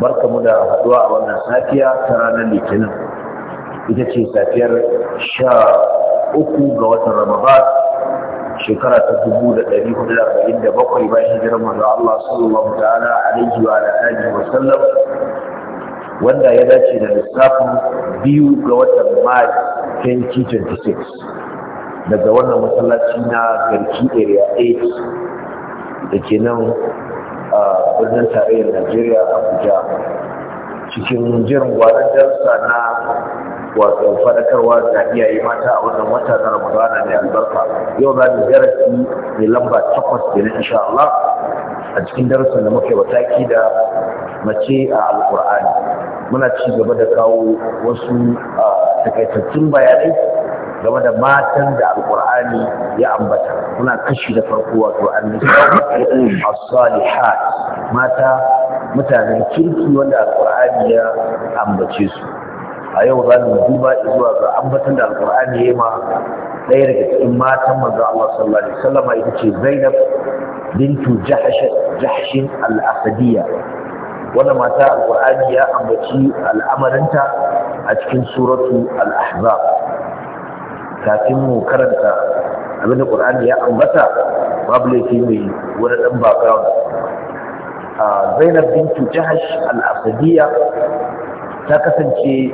mu da haduwa a wannan safiya ta ranar litinin ita ce safiyar sha uku ga watan ramadan shekara ta dubu da ɗari hudu da arba'in da bakwai bayan hijirar manzo Allah sallallahu ta'ala alaihi wa alihi wa sallam wanda ya dace da lissafin biyu ga watan Mai 2026 daga wannan masallaci na garki area 8 da ke nan a birnin tarayyar najeriya abuja cikin jirin gwanon darsa na wato fadakarwa ga iyaye mata a wannan wata na ramadana mai albarka yau za mu darasi mai lamba takwas na insha Allah a cikin darasin da muke wataki da mace a alkur'ani muna ci gaba da kawo wasu takaitattun bayanai game da matan da Alƙur'ani ya ambata muna kashi da farko wato as-salihat mata mutanen kirki wanda alqur'ani ya ambace su a yau za mu duba zuwa ga ambatan da alkur'ani ya ma ɗaya daga cikin matan manzo Allah sallallahu alaihi wasallam ita ce Zainab bintu Jahsh Jahsh al-Asadiyya wannan mata alkur'ani ya ambaci al'amarinta a cikin suratu al-Ahzab kafin mu karanta abin da ƙur'ani ya ambata babu laifi mai wani dan background zainab bintu jahash al-asadiyya ta kasance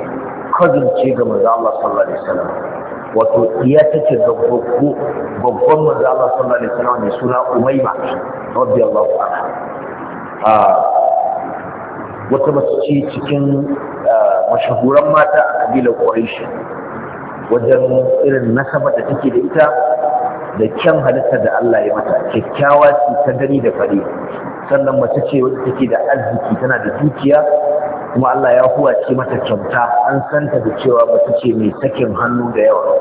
cousin ce ga manzo Allah sallallahu alaihi wasallam wato iya take ga babbo babban manzo Allah sallallahu alaihi wasallam ne suna Umayma radiyallahu anha a wata mace ce cikin mashahuran mata a kabilar Quraysh wajen irin nasabar da take da ita da kyan halittar da Allah ya mata kyakkyawa ce ta gani da fari sannan mace ce wadda take da arziki tana da dukiya kuma Allah ya huwace mata kyauta an santa da cewa mace ce mai sakin hannu da yawa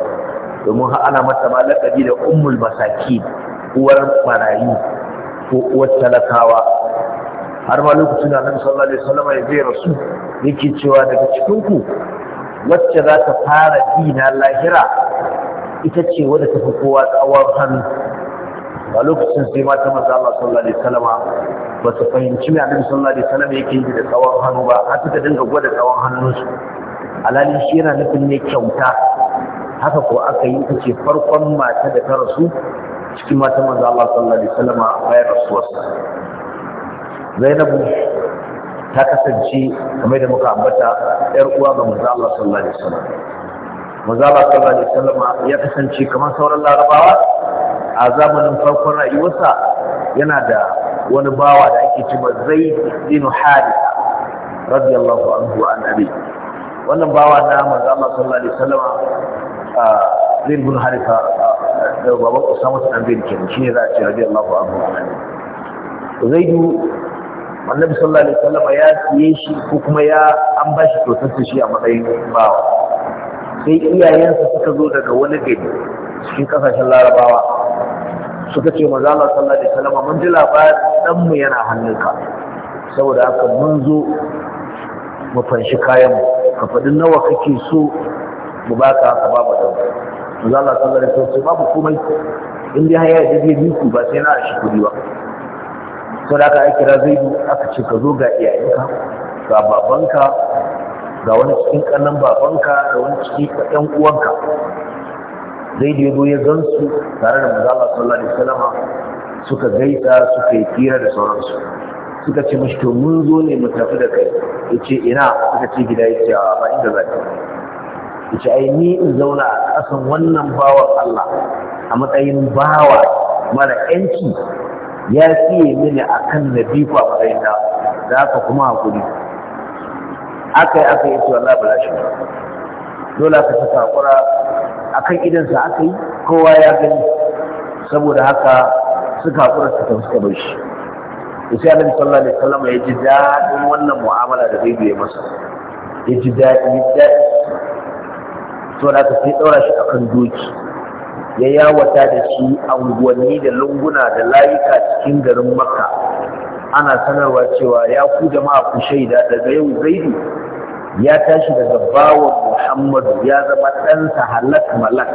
domin ana mata ma lakabi da ummul masaki uwar marayu ko uwar talakawa har ma lokacin da Annabi sallallahu alaihi wasallam ya zai rasu yake cewa daga cikin ku wacce za ta fara dina lahira ita ce wadda ta fi kowa tsawon hannu a lokacin sai mata maza Allah sallallahu alaihi wasallam ba su fahimci mai annabi sallallahu alaihi wasallam yake yi da tsawon hannu ba har suka dinga gwada tsawon hannunsu alali shi yana nufin ne kyauta haka ko aka yi ita ce farkon mata da ta rasu cikin mata maza Allah sallallahu alaihi wasallam bayan rasuwarsa Zainabu ta kasance kamar da muka ambata yar uwa ga manzo Allah sallallahu alaihi wasallam manzo Allah sallallahu alaihi wasallam ya kasance kamar sauran larabawa a zamanin farkon rayuwarsa yana da wani bawa da ake cewa Zaid bin Haritha radiyallahu anhu an abi wannan bawa na manzo Allah sallallahu alaihi wasallam Zaid bin Haritha da baban Usama bin Zaid kenan shine za a ce radiyallahu anhu an abi Zaidu annabi sallallahu alaihi wasallam ya siye shi ko kuma ya an ba shi kyautar shi a matsayin bawa sai iyayensa suka zo daga wani gari cikin kasashen larabawa suka ce maza Allah sallallahu alaihi wasallam mun ji labarin dan mu yana hannunka saboda haka mun zo mu fanshi kayan mu ka faɗi nawa kake so mu baka ka ba mu dauka maza Allah sallallahu alaihi wasallam babu komai in dai haya da zai ba sai na shi kudi ba sau da aka yi kira yi aka ce ka zo ga iyayenka ga babanka ga wani cikin kanan babanka da wani cikin kaɗan uwanka Zai ya zo ya gansu tare da mazala sallallahu alaihi Salama, suka gaisa suka yi fira da sauransu suka ce mashi to mun zo ne mu tafi da kai ya ce ina suka ce gida ya ce a ba inda za ya ce ai ni in zauna a kasan wannan bawan Allah a matsayin bawa mara yanci ya fiye mini a kan na ku a matsayina da aka kuma hakuri aka yi aka yi ce wallah Bala shi dole aka ta takura akan idansa aka yi kowa ya gani saboda haka suka hakura su ta suka bai shi isi annabi sallallahu alaihi wasallam ya ji daɗin wannan mu'amala da zai ya masa ya ji daɗi daɗi saboda aka sai ɗaura shi akan doki ya yawata da shi anguwanni da lunguna da layuka cikin garin makka ana sanarwa cewa ya ku jama'a ku shaida daga yau zaidu ya tashi daga bawan muhammadu ya zama ɗansa halak malak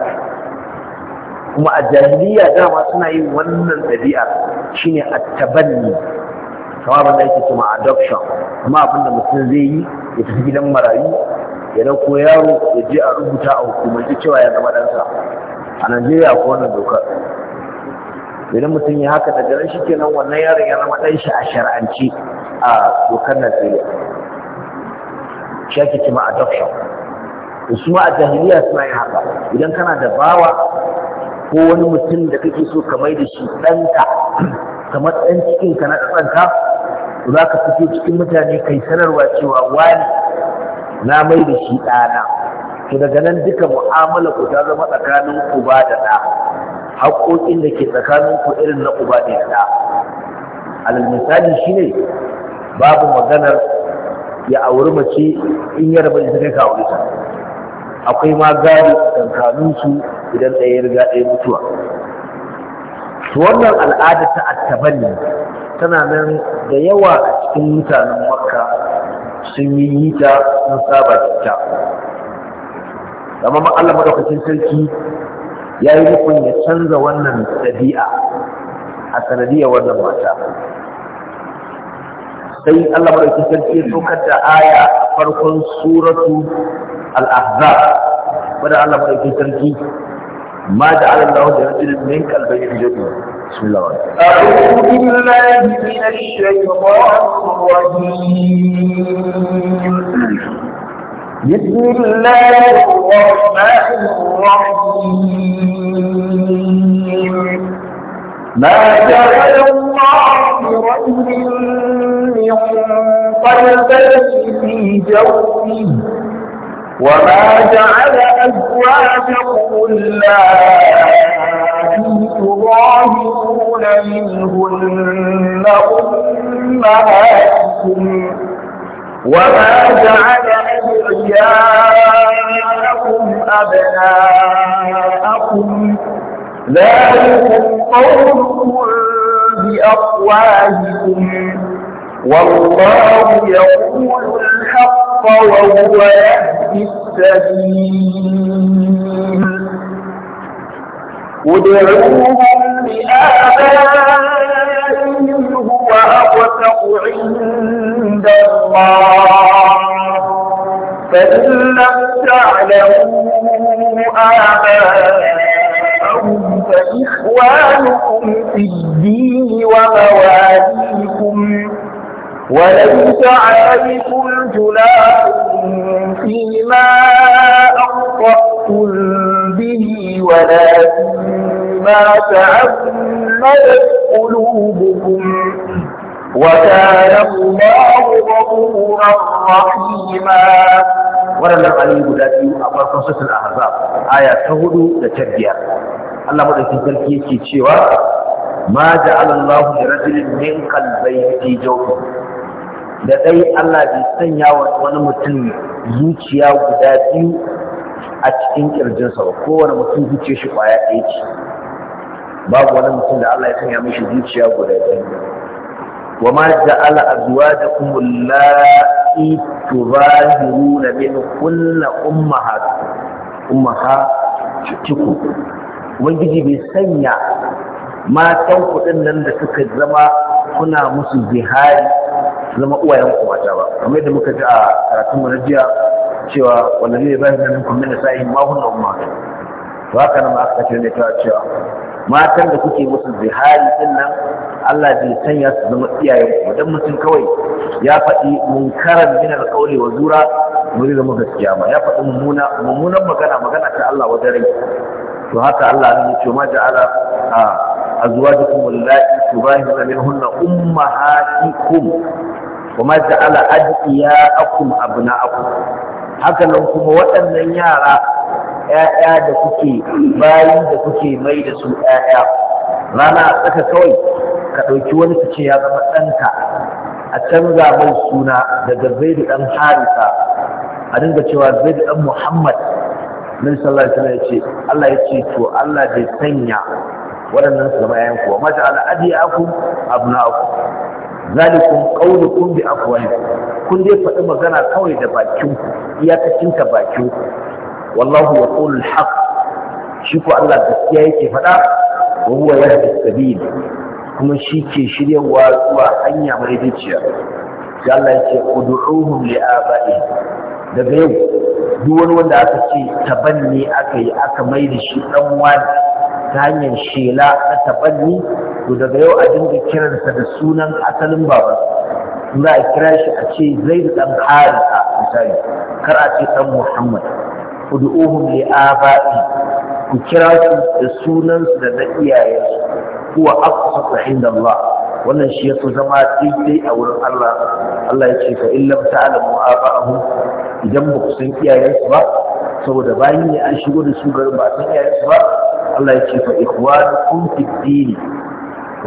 kuma a jahiliya dama suna yin wannan ɗabi'a shine a tabanni kamar abin da yake cewa adoption kuma abin da mutum zai yi ya tafi gidan marayu ya dauko yaro ya je a rubuta a hukumance cewa ya zama ɗansa a najeriya ko wannan dokar idan mutum ya haka da nan shi kenan wannan yaron ya zama ɗan shi a shar'anci a dokar najeriya shaki ake adoption su ma a jahiliya suna yin haka idan kana da bawa ko wani mutum da kake so ka mai da shi ɗanka kamar ɗan cikin ka na ɗanka za ka fito cikin mutane kai sanarwa cewa wani na mai da shi ɗana to daga nan duka mu'amala ku ta zama tsakanin uba da da haƙoƙin da ke tsakanin ku irin na uba ne da alal misali shine babu maganar ya auri mace in ya rabu da kai ka aure ta akwai ma gari tsakanin su idan ɗaya ya riga ɗaya mutuwa to wannan al'ada ta attabani tana nan da yawa a cikin mutanen makka sun yi ta sun saba ita amma ma Allah madaukakin sarki ya yi nufin ya canza wannan ɗabi'a a sanadiyar wannan mata sai Allah madaukakin sarki ya tokar da aya a farkon suratu al-ahzab wanda Allah madaukakin sarki ما جعل الله لرجل منك البيت جديد بسم الله أعوذ بالله من الشيطان الرجيم بسم الله الرحمن الرحيم ما جعل الله رجل من قلبين في جوفه وما جعل أزواجكم اللائي تظاهرون منهن أمهاتكم وما جعل أدعياءكم أبناءكم ذلكم قولكم بأقوالكم والله يقول الحق وهو يهدي السبيل ادعوهم لآبائهم هو أقسط عند الله فإن لم تعلموا آباءهم فإخوانكم في الدين ومواليكم وليس عليكم جناح ولكن ما تعمدت قلوبكم وكان الله غفورا رحيما ولن ayoyi guda biyu a farkon آية ahzab aya ta hudu da ذلك يتشيوا ما جعل الله yake cewa قلبي في Allah da dai Allah bai sanya wa wani mutum zuciya guda biyu a cikin kirjinsa ba kowane mutum zuciya shi kwaya ɗaya ce babu wani mutum da Allah ya sanya mishi zuciya guda ɗaya wa ma ja'ala azwajakum allati tuzahiruna min kulli ummahat tuku ubangiji bai sanya matan kuɗin nan da suka zama kuna musu bihari. zama uwayen ku mata ba kamar yadda muka ji a karatun na jiya cewa wallahi ne bayan nan kun mina sai ma hunna umma to haka nan aka ce ne ta cewa matan da kuke musu zihari din nan Allah bai sanya su zama iyayen ku dan mutum kawai ya faɗi munkaran min alqawli wa zura muri zama gaskiya ba ya faɗi mummuna mummunan magana magana ta Allah wajen rai to haka Allah ya ce ma ja'ala azwajukum allati tubahiruna minhunna ummahatikum wa ma ja'ala adiyakum abna'akum haka nan kuma waɗannan yara ƴaƴa da kuke bayi da kuke mai da su ƴaƴa rana a tsaka kawai ka ɗauki wani su ce ya zama ɗanka a canza mai suna daga zaidu ɗan harisa a dinga cewa zaidu ɗan muhammad nan sallallahu alaihi ce Allah ya ce to Allah bai sanya waɗannan su zama yayan kuwa mata ala adiyakum abnaakum zalikum qawlukum bi afwahikum kun dai faɗi magana kawai da bakin ku iyakacin ka bakin ku wallahu yaqulu al shi ko Allah gaskiya yake faɗa wa huwa yahdi sabil kuma shi ke shiryawa zuwa hanya mai daciya Allah ya ce ud'uhum li aba'ihim daga yau duk wani wanda aka ce ne aka yi aka mai da shi ɗan wani ta hanyar shela na taban ne to daga yau a dinga kiransa da sunan asalin baban za a kira shi a ce zai da dan harisa misali kar a ce ɗan muhammad ud'uhum a aba'i ku kira su da sunansu da na iyayensu sa aqsatu inda Allah wannan shi yafi zama daidai a wurin Allah Allah ya ce fa in lam ta'lamu aba'ahum idan ba ku san iyayensu ba saboda bayan ne an shigo da su garin ba san iyayensu ba Allah ya ce fa ikhwanukum fid din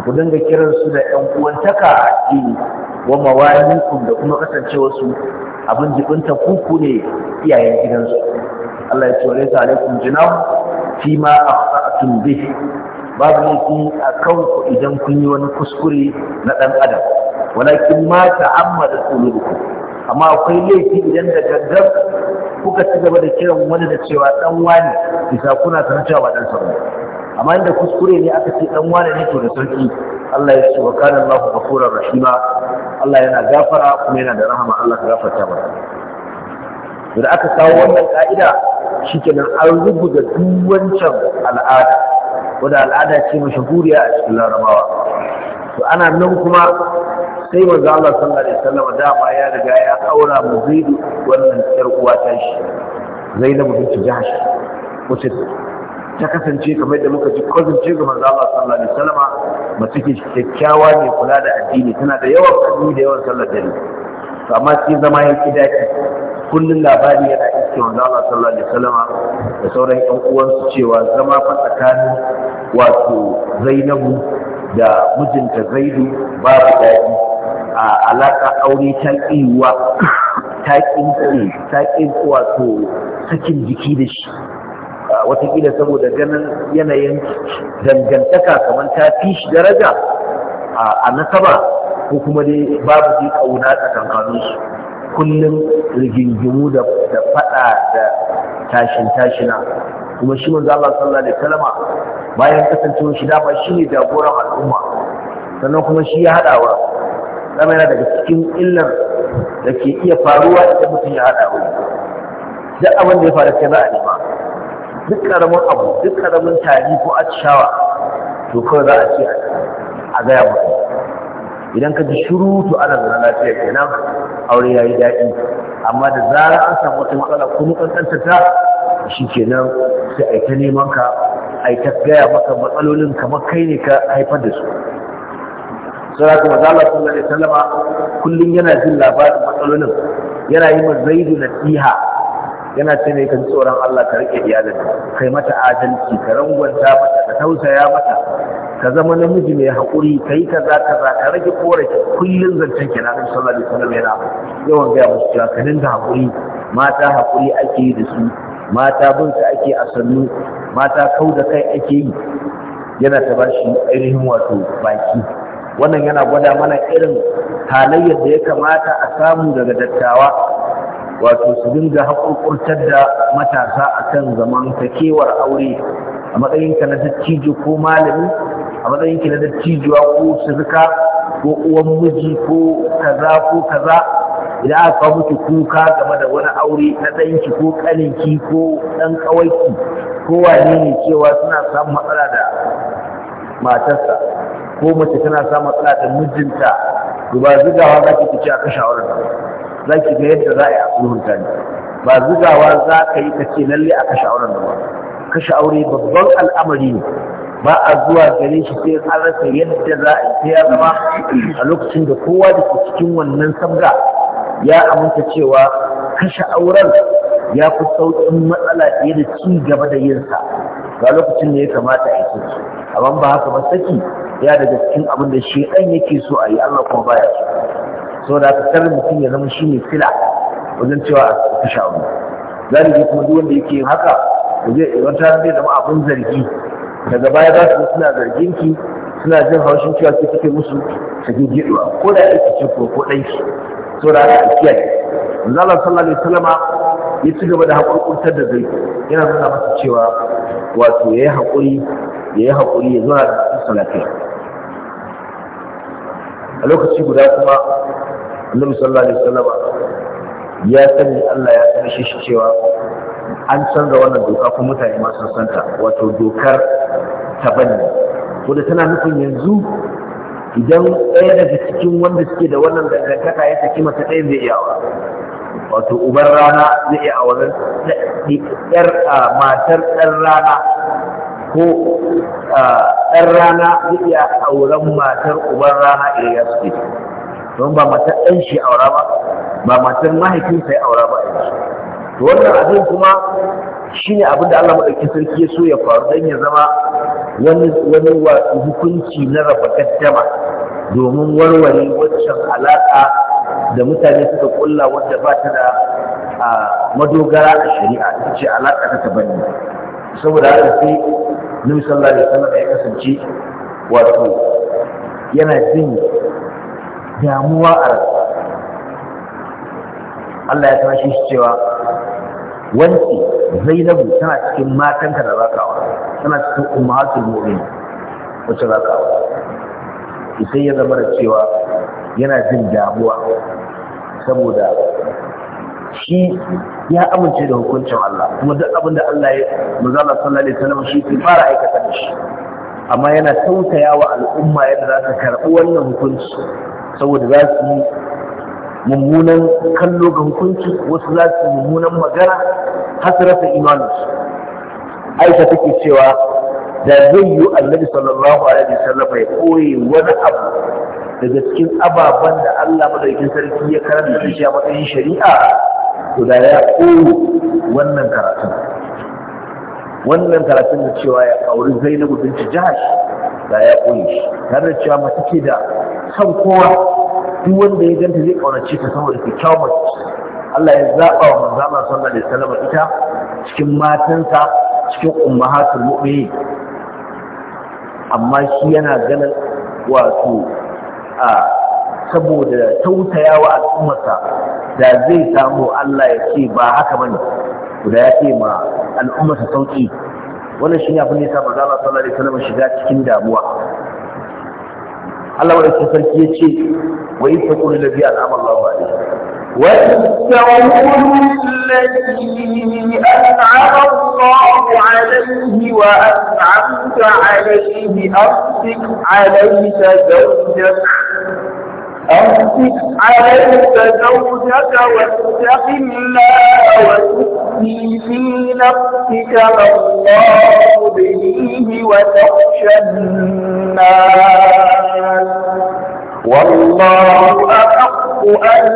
ku dinga kiran su da ƴan uwantaka a addini wa mawalikum da kuma kasancewar su abin jibinta kuku ne iyayen gidansu Allah ya ce wa alaikum junah fi ma akhta'tum bihi babu laifi a kanku idan kun yi wani kuskure na ɗan adam walakin ma da ku. amma akwai laifi idan da gangan kuka ci gaba da kiran wani da cewa ɗan wani bisa kuna sanar cewa ba ɗan sauran amma inda kuskure ne aka ce ɗan wani ne to da sauki Allah ya ce wa kana Allahu ghafurur rahima Allah yana gafara kuma yana da rahama Allah ka gafarta mana da aka kawo wannan ka'ida shikenan an rubuta duk wancan al'ada wadda al'ada ce mashahuriya a cikin larabawa to ana nan kuma sai manzo Allah sallallahu alaihi wasallam dama ya riga ya aura mu zaidu wannan yar uwa ta shi zainab bint jahsh wace ta kasance kamar da muka ji cousin ce ga manzo Allah sallallahu alaihi wasallam mace ce kyakkyawa ne kula da addini tana da yawan addini da yawan sallar dare to amma sai zama yake dace Kullum labari yana iske wanzama Allah sallallahu alaihi da sauran 'yan uwansu cewa zama fa tsakanin wato Zainabu da mijinta Zaidu babu daɗi a alaka aure ta ƙiwa ta ƙin wato sakin jiki da shi watakila saboda ganin yanayin dangantaka kamar ta fi shi daraja a nasaba ko kuma dai babu dai ƙauna tsakankanin su kullum rigingimu da faɗa da tashin tashina kuma shi manzo Allah sallallahu alaihi wasallam bayan kasancewar shi dama shine jagoran al'umma sannan kuma shi ya hadawa dama yana daga cikin illar da ke iya faruwa idan mutum ya hadawa duk abin da ya faru sai za a nema duk karamin abu duk karamin tari ko atishawa to kawai za a ce a gaya mutum idan ka ji shurutu ana zaune lafiya kenan aure ya yi daɗi amma da zarar an samu wata matsala kuma kankanta ta shi kenan sai a yi ta neman ka a yi ta gaya maka matsalolin kamar kai ne ka haifar da su sarrafa maza Allah sallallahu alaihi kullum yana jin labarin matsalolin yana yi ma zaidu nasiha yana ce mai kan tsoron Allah ka rike iyalin kai mata adalci ka rangwanta mata ka tausaya mata ka zama namiji mai haƙuri ka yi kaza kaza ka rage korafi kullum zancen kenan Annabi sallallahu alaihi wasallam yana yawan gaya musu cewa ka dinga haƙuri mata haƙuri ake yi da su mata bin su ake a sannu mata kau da kai ake yi yana ta shi ainihin wato baki wannan yana gwada mana irin halayyar da ya kamata a samu daga dattawa wato su dinga haƙurƙurtar da matasa akan zamantakewar aure a matsayinka na dattijo ko malami a matsayinka na dattijuwa ko sirka ko uwan miji ko kaza ko kaza idan aka kawo miki kuka game da wani aure na ɗanki ko ƙaninki ko ɗan ƙawaiki ko wane ne cewa suna samun matsala da matarsa ko mace tana samun matsala da mijinta to ba zugawa za ki fice a kashe auren za ki ga yadda za a yi a sulhunta ba zugawa za ka yi ka ce lalle a kashe auren da ba kashe aure babban al'amari ne ba a zuwa gare shi sai an rasa yadda za a yi ya zama a lokacin da kowa da ke cikin wannan sabga ya aminta cewa kashe auren ya fi sauƙin matsala fiye da ci gaba da yinsa ga lokacin da ya kamata a yi amma ba haka ba saki ya daga cikin abin da shi yake so a yi Allah kuma baya so sau da aka kar mutum ya zama shi ne sila wajen cewa a kashe abu galibi kuma duk wanda yake yin haka wata zai zama abin zargi daga baya za su suna zargin ki suna jin haushin cewa sai kike musu cikin giduwa ko da yake ce ko ko dai so da aka kiyaye manzo Allah sallallahu alaihi wasallama ya ci gaba da haƙurƙurtar da zai yana nuna masa cewa wato yayi hakuri yayi hakuri ya zo da salati a lokaci guda kuma annabi sallallahu alaihi wasallam ya sani Allah ya sani shi cewa an canza wannan doka kuma mutane ma sun santa wato dokar tabanni da tana nufin yanzu idan ɗaya daga cikin wanda suke da wannan dangantaka ya saki mata ɗaya zai iya wato uban rana zai iya a wannan matar ɗan rana ko ɗan rana zai iya auren matar uban rana idan ya suke don ba matar ɗan shi aura ba ba matar mahaifinsa ya aura ba to wannan abin kuma shine abin da Allah maɗauki sarki ya so ya faru dan ya zama wani wani hukunci na raba gaddama domin warware waccan alaƙa da mutane suka kulla wadda ba ta da madogara a shari'a ita ce alaka ta tabanni saboda haka sai nabi sallallahu alaihi wasallam ya kasance wato yana jin damuwa a Allah ya tashi shi cewa wanki zainabu tana cikin matanka da zakawa tana cikin ummatul mu'min wacce zakawa sai ya zama da cewa yana jin damuwa saboda shi ya amince da hukuncin Allah kuma duk abin da Allah ya mazala sallallahu alaihi wasallam shi ke fara aikata da shi amma yana tausaya wa al'umma yadda za ta karɓi wannan hukunci saboda za su yi mummunan kallo ga hukunci wasu za su yi mummunan magana hasrata imaninsu aisha take cewa da zai yi annabi sallallahu alaihi wasallam ya koyi wani abu daga cikin ababen da Allah madaukakin sarki ya karanta shi a matsayin shari'a to da ya koyi wannan karatun wannan karatun da cewa ya auri zainabu binci jihar da ya koyi shi tare da cewa mace ke da san kowa duk wanda ya ganta zai kaunace ta saboda kyakkyawar mace Allah ya zaɓa wa manzama Allah da alaihi wasallam ita cikin matansa cikin ummahatul mu'minin amma shi yana ganin wato a saboda tausaya wa al'ummarsa da zai samu Allah ya ce ba haka bane guda ya ce ma al'ummarsa sauki wannan shi ne abin da ya sa manzo Allah sallallahu alaihi wasallam shiga cikin damuwa Allah wadda ta sarki ya ce wa yi ta ƙuri lafiya al'amar lawa ne. Wata wani lafi عليه وأنعمت عليه أمسك عليك زوجك أمسك عليك زوجك واتق الله وتؤتي في نفسك ما الله مبديه وتخشى الناس والله أحق أن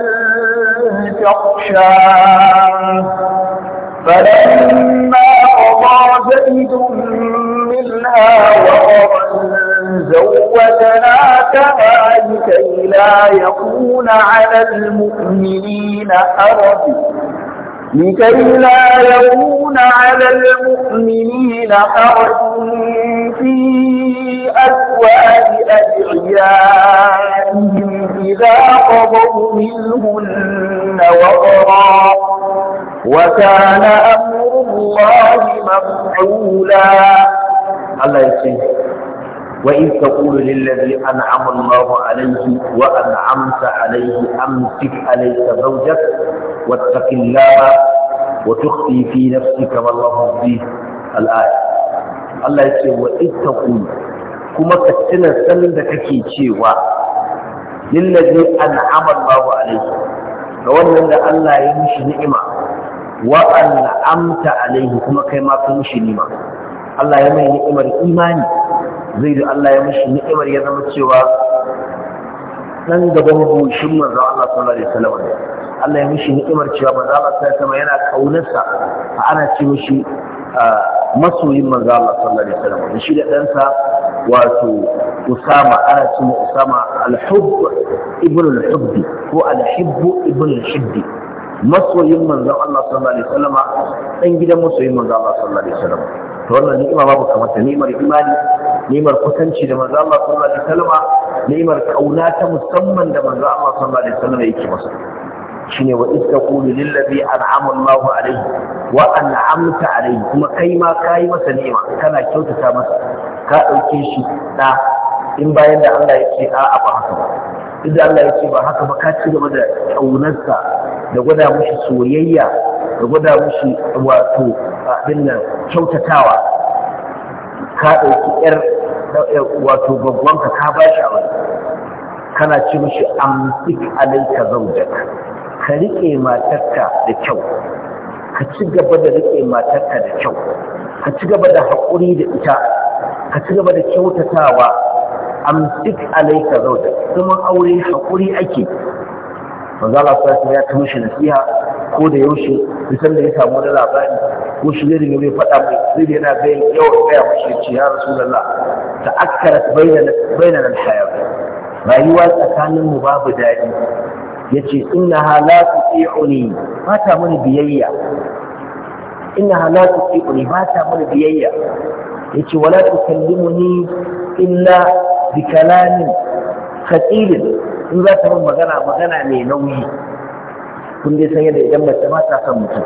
تخشاه فلما قضى زيد منا وقرا زوجناكها لكي لا يكون على المؤمنين حرج لكي لا يكون على المؤمنين حرج في أزواج أدعيائهم إذا قضوا منهن وقرا وكان أمر الله مفعولا Allah ya ce wa in taqulu lil ladhi an'ama Allahu alayhi wa an'amta alayhi amsik alayka zawjak wattaqillaha wa tukhfi fi nafsika ma Allahu bi al-ayah Allah ya ce wa in taqulu kuma ka tuna sanin da kake cewa lil ladhi an'ama Allahu alayhi ga wannan da Allah ya mishi ni'ima wa an'amta alayhi kuma kai ma ka mishi ni'ima Allah ya mai ni'imar imani zai da Allah ya mashi ni'imar ya zama cewa dan gaban goshin manzo Allah sallallahu alaihi wasallam Allah ya mashi ni'imar cewa manzo Allah sallallahu alaihi wasallam yana kaunarsa ana ce mishi masoyin manzo Allah sallallahu alaihi wasallam shi da ɗansa wato Usama ana ce Usama al-Hubb ibn al-Hubb ko al-Hibb ibn al-Hibb masoyin manzo Allah sallallahu alaihi wasallam dan gidan masoyin manzo Allah sallallahu alaihi wasallam ta wannan ni'ima babu kamata. ni'imar imani ni'imar kusanci da manzo Allah sallallahu alaihi wasallam ni'imar kauna ta musamman da manzo Allah sallallahu alaihi wasallam yake masa shine wa istaqulu lil ladhi an'ama Allah alaihi wa an'amta alaihi kuma kai ma kai masa ni'ima kana kyautata masa ka dauke shi da in bayan da Allah yake a'a ba haka ba idan Allah yake ba haka ba ka ci gaba da ƙaunarsa da gwada mushi soyayya da gwada mushi wato abin nan kyautatawa ka ɗauki ƴar wato babbanka ka ba shi a wani kana ci mishi amsik alaika zaujak. ka riƙe matarka da kyau ka ci gaba da riƙe matarka da kyau ka ci gaba da haƙuri da ita ka ci gaba da kyautatawa amsik alaika zaujak. kuma aure haƙuri ake manzo Allah ya ta mishi nasiha ko da yaushe bisan da ya samu wani labari ko shi zai dinga bai faɗa mai zai yana bayan yawan gaya mashi ya ce ya rasulallah ta akkarat bainan alhayar rayuwa tsakanin mu babu daɗi ya ce inna halatu tsi'uni ba ta mini biyayya inna halatu tsi'uni ba ta mini biyayya ya ce wala tukallimuni illa bi kalamin khatilin in za ta min magana magana mai nauyi kun dai san yadda idan mace ma ta son mutum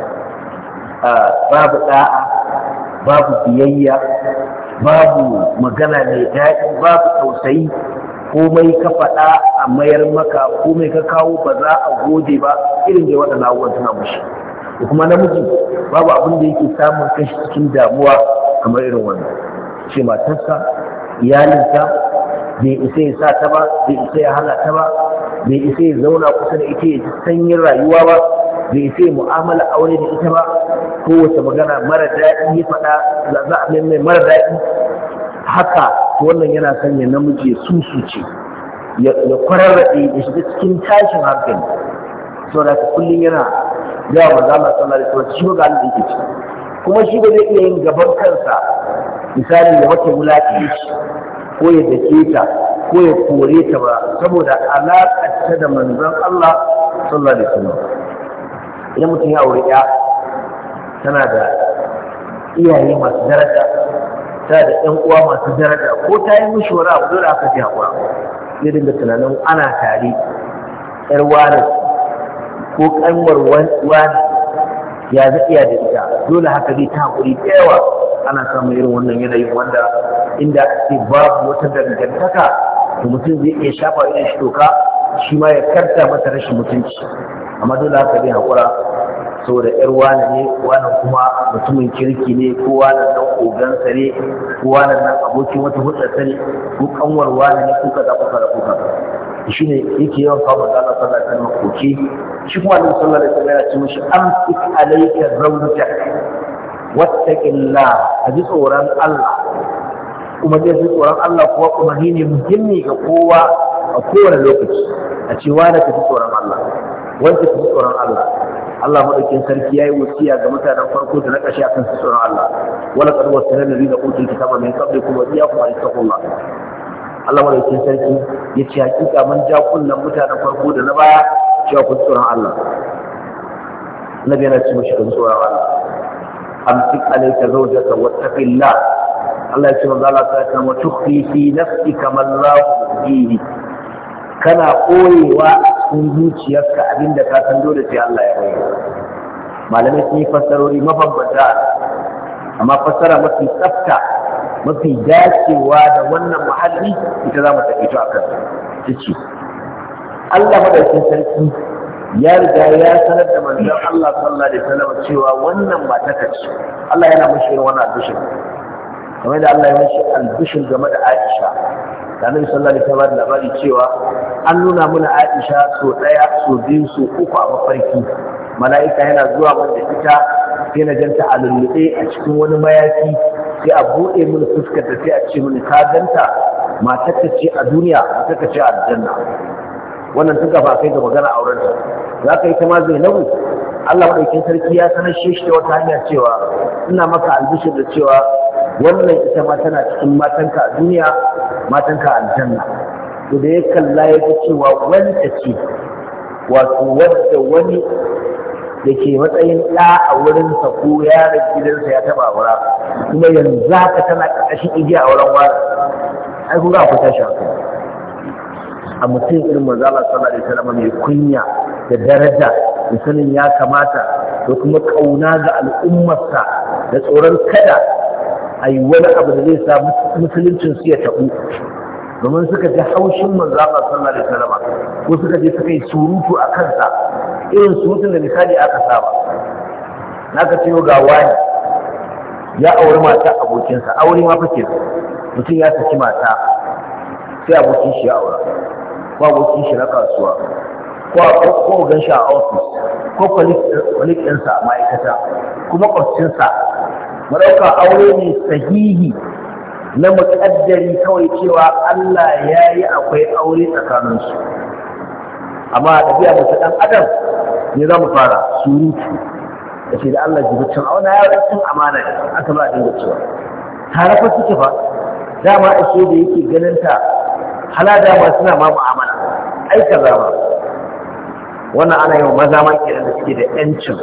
babu ɗa'a, babu biyayya babu magana mai daɗi babu tausayi komai ka faɗa a mayar maka komai ka kawo ba za a gode ba irin da waɗanda abubuwan suna mushi da kuma namiji babu abin da yake samun kashi cikin damuwa kamar irin wannan ce matarsa iyalinsa bai isa ya sa ta ba bai isa ya hana ta ba bai isa ya zauna kusa da ita ya ji sanyin rayuwa ba bai isa ya mu'amala aure da ita ba kowace magana mara daɗi ya faɗa za a mai mara daɗi haka wannan yana sanya namiji ya susuce ya kwararraɗe ya shiga cikin tashin hankali da kullum yana yawa maza masu sallar da shi ga da yake ci. kuma shi ba zai iya yin gaban kansa misali ya wata shi ko ya dake ta ko ya kore ta ba saboda alaƙarta da manzon Allah sallallahu alaihi wasallam idan mutum ya aure ya tana da iyaye masu daraja tana da ƴan uwa masu daraja ko ta yi mishi wani abu dole aka ji hakura ya dinga tunanin ana tare ƴar wani ko ƙanwar wani ya zai iya da ita dole haka zai ta hakuri da yawa ana samun irin wannan yanayin wanda inda ake babu wata dangantaka to mutum zai iya shafa irin shi doka shi ma ya karta masa rashin mutunci amma dole haka bai haƙura saboda ƴar wani ne wani kuma mutumin kirki ne ko wani nan ogansa ne ko wani nan abokin wata hulɗarsa sare ko kanwar wani ne kuka za ku fara kuka shi ne yake yawan kawo da Allah sallallahu alaihi wasallam koke shi kuma da sallallahu alaihi wasallam ya ce mishi amsik alayka zawjak wattaqillah ka ji tsoron Allah Kuma umarni su tsoron Allah kuwa umarni ne muhimmi ga kowa a kowane lokaci a cewa da ka ji tsoron Allah wanda ka ji tsoron Allah Allah madaukin sarki yayi wasiya ga mutanen farko da na kashi akan su tsoron Allah wala qad wasana alladhina utul kitaba min qablikum wa iyyakum an taqullah Allah madaukin sarki ya ce hakika man ja kunnan mutanen farko da na baya cewa ku tsoron Allah Annabi yana ce mishi ku tsoron Allah amsik alayka zawjaka wattaqillah Allah ya ce manzo Allah ta kama tukfi fi nafsika ma Allah bihi kana koyewa cikin zuciyarka abinda ka san dole sai Allah ya koyewa malamai sun yi fassarori mabambanta amma fassara mafi tsafta mafi dacewa da wannan muhalli ita za mu tafi a ta ce Allah madaukin sarki ya riga ya sanar da manzon Allah sallallahu alaihi wasallam cewa wannan mata ce Allah yana mushi wannan albishin kamar da Allah ya mashi albishin game da Aisha da ta sallallahu alaihi da labari cewa an nuna mana Aisha so ɗaya so biyu so uku a mafarki mala'ika yana zuwa wanda ita sai na janta a lullube a cikin wani mayafi sai a buɗe mini fuskar da sai a ce mini ka ganta matar ta ce a duniya matar ta ce a aljanna wannan tun kafa kai da magana auren ta za ka yi ta ma zainabu Allah maɗaukin sarki ya sanar shi da wata hanya cewa ina maka albishir da cewa wannan ita ma tana cikin matanka a duniya matanka aljanna to da ya kalla ya ga cewa wanda ce wato wadda wani da ke matsayin ɗa a wurinsa ko yaron gidansa ya taɓa wura kuma yanzu haka tana ƙarƙashin igiya a wurin wa ai kun ga akwai tashi haka a mutum irin manzo Allah sallallahu alaihi wasallam mai kunya da daraja da ya kamata da kuma ƙauna ga al'ummarsa da tsoron kada a yi wani abu da zai sa musuluncin su ya taɓu domin suka ji haushin manzo Allah sallallahu alaihi wasallam ko suka je suka yi surutu a kansa irin surutun da misali aka saba naka ce ga wani ya auri mata abokinsa aure ma fake mutum ya saki mata sai abokin shi ya aura ko abokin shi na kasuwa ko ko gan shi a office ko kwalik a ma'aikata kuma kwacinsa mu ɗauka aure ne sahihi na muƙaddari kawai cewa Allah ya yi akwai aure tsakaninsu amma a ɗabi'a mace ɗan adam ne za mu fara surutu da shi da Allah ji bacin auna ya rantsin amana ne aka ba dinga cewa tare fa suke fa dama ashe da yake ganin ta hala dama suna ma mu'amala ai kaza wannan ana yau maza ma kenan da suke da 'yancin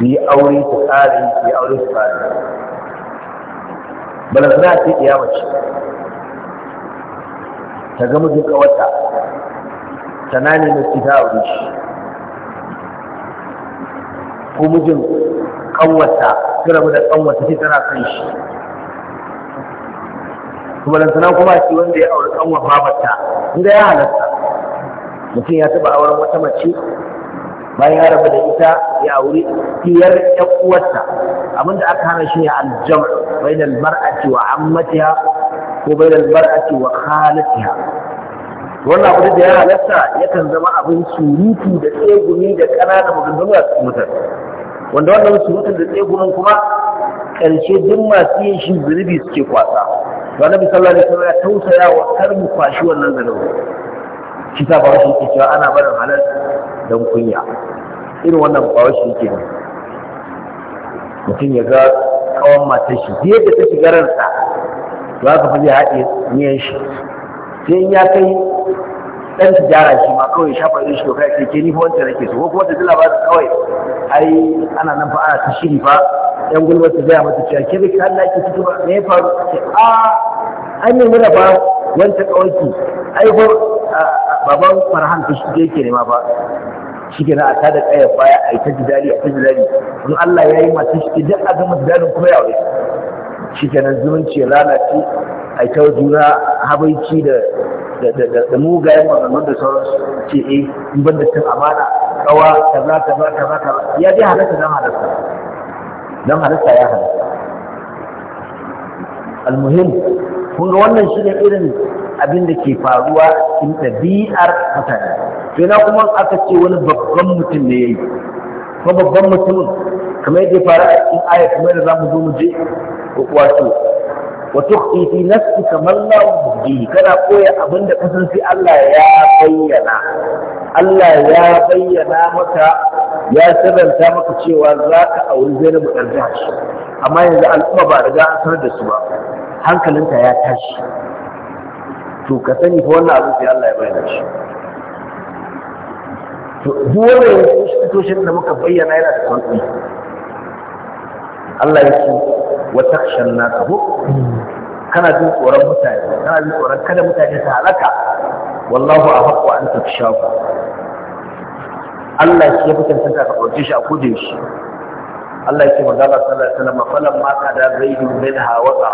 su yi aure su tsari su yi aure su tsari suna ce kiyama ce ta ga mijin kawata ta nane mai ta aure shi ko mijin kanwata ta mu da kanwata ce tana kan shi kuma lantana kuma shi wanda ya aure kanwa babarta inda ya halatta mutum ya taba auren wata mace bayan ya rabu da ita ya auri fiyar ƴan uwarta abinda aka hana shi ne aljam da mar'ati wa ammatiya ko da mar'ati wa khalatiha wannan abu da ya halatta yakan zama abin surutu da tsegumi da ƙananan maganganu a cikin mutane wanda wannan surutun da tsegumin kuma ƙarshe duk masu yin shi zunubi suke kwasa to annabi sallallahu alaihi wasallam ya tausaya wa kar mu kwashi wannan zanubi shi ba shi ke cewa ana barin halal don kunya irin wannan bawa shi ke nan mutum ya ga kawon matar shi biye da ta shigararsa za ka fi haɗe miyan shi sai ya kai ɗan tijara shi ma kawai shafa irin shi to kai ke ni fa wancan nake so ko kuma ta ba su kawai ai ana nan fa ana ta shiri fa ɗan gulmar ta gaya mata cewa ke bai kan laki ciki ba me ya faru ce a an mura ba wancan kawai ai baban farhan ta shi ke nema ba shi na a tada kaya baya a yi ta jidali a ta jidali in Allah ya yi masu shi duk a gama jidalin kuma ya aure shi kenan zumunci ya lalace a ta juna habaici da da mugayen maganganun da sauransu ce eh in ban da cin amana kawa kaza kaza kaza kaza ya dai halatta don halatta don halatta ya halatta almuhim kun ga wannan shi ne irin abin da ke faruwa cikin ɗabi'ar mutane na kuma aka ce wani babban mutum ne yayi kuma babban mutum kamar yadda fara a cikin aya kamar za zamu zo mu je wato wa tukhfi fi nafsi ma la yubdi kana koya abinda kasan sai Allah ya bayyana Allah ya bayyana maka ya sabanta maka cewa za ka auri Zainabu ɗan Jahsh amma yanzu al'umma ba riga an sanar da su ba hankalinka ya tashi to ka sani fa wannan abin sai Allah ya bayyana shi duk wanda fitoshin da muka bayyana yana da sauƙi Allah ya ce wata takshan na kaho kana jin tsoron mutane kana jin tsoron kada mutane ta halaka wallahu a haƙwa an taksha ku Allah ya ce ya fitar tantanta ka ɗauke shi a kudin shi Allah ya ce manzo Allah sallallahu alaihi wasallam falan ma kada zaidu hawa waqa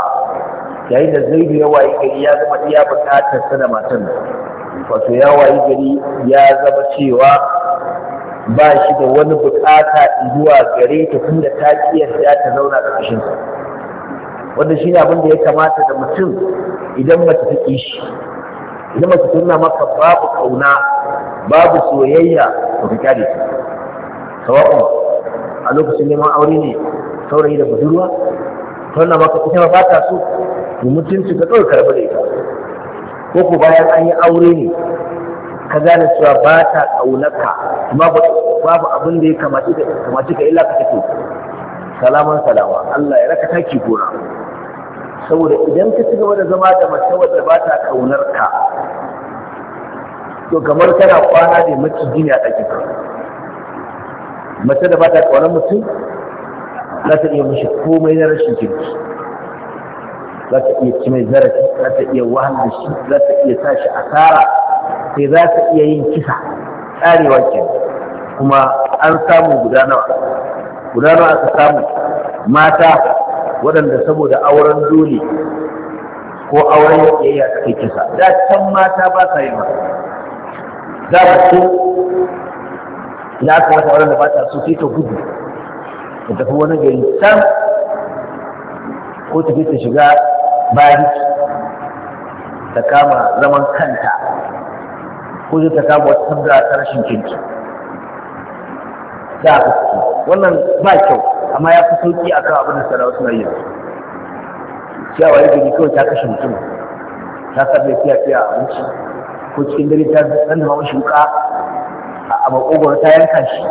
yayin da zaidu ya wayi gari ya zama iya bukatar sa da matan wato ya wayi gari ya zama cewa ba shi da wani bukata zuwa gare ta tunda ta kiyarta ta zauna ƙarƙashin sa wanda shi ne abin da ya kamata da mutum idan mace ta ƙi shi idan mace ta maka babu kauna babu soyayya to ka kare ta sawa'un a lokacin neman aure ne saurayi da budurwa ta nuna maka ita ba ta so to mutunci ka kawai karɓi da ita ko ku bayan an yi aure ne ka gane cewa ba ta ƙaunarka babu abin da ya kamaci ka illa ka tafi salaman salama Allah ya raka taki gona saboda idan ka ci gaba da zama da mace wadda ba ta ƙaunarka to kamar tana kwana da maciji ne a ɗakin ka mace da ba ta ƙaunar mutum za ta iya mishi komai na rashin kirki za ta iya ci mai zarafi za ta iya wahalar shi za ta iya sa shi asara sai za ta iya yin kisa tsarewa ke kuma an samu guda nawa guda nawa aka samu mata waɗanda saboda auren dole ko auren yayya suka kisa da can mata ba sa yin za ku so ina aka wata auren da ba ta so sai ta gudu ta tafi wani gari can ko ta ta shiga bariki ta kama zaman kanta ko zai ta kama wata tabbara ta rashin kinki da a ciki wannan ba kyau amma ya fi sauƙi a kan abin da sarawa suna yi ciyawa ya gani kawai ta kashe mutum ta sabbe fiya fiya abinci ko cikin dare ta ɗan da mawashi wuka a makogwar ta yanka shi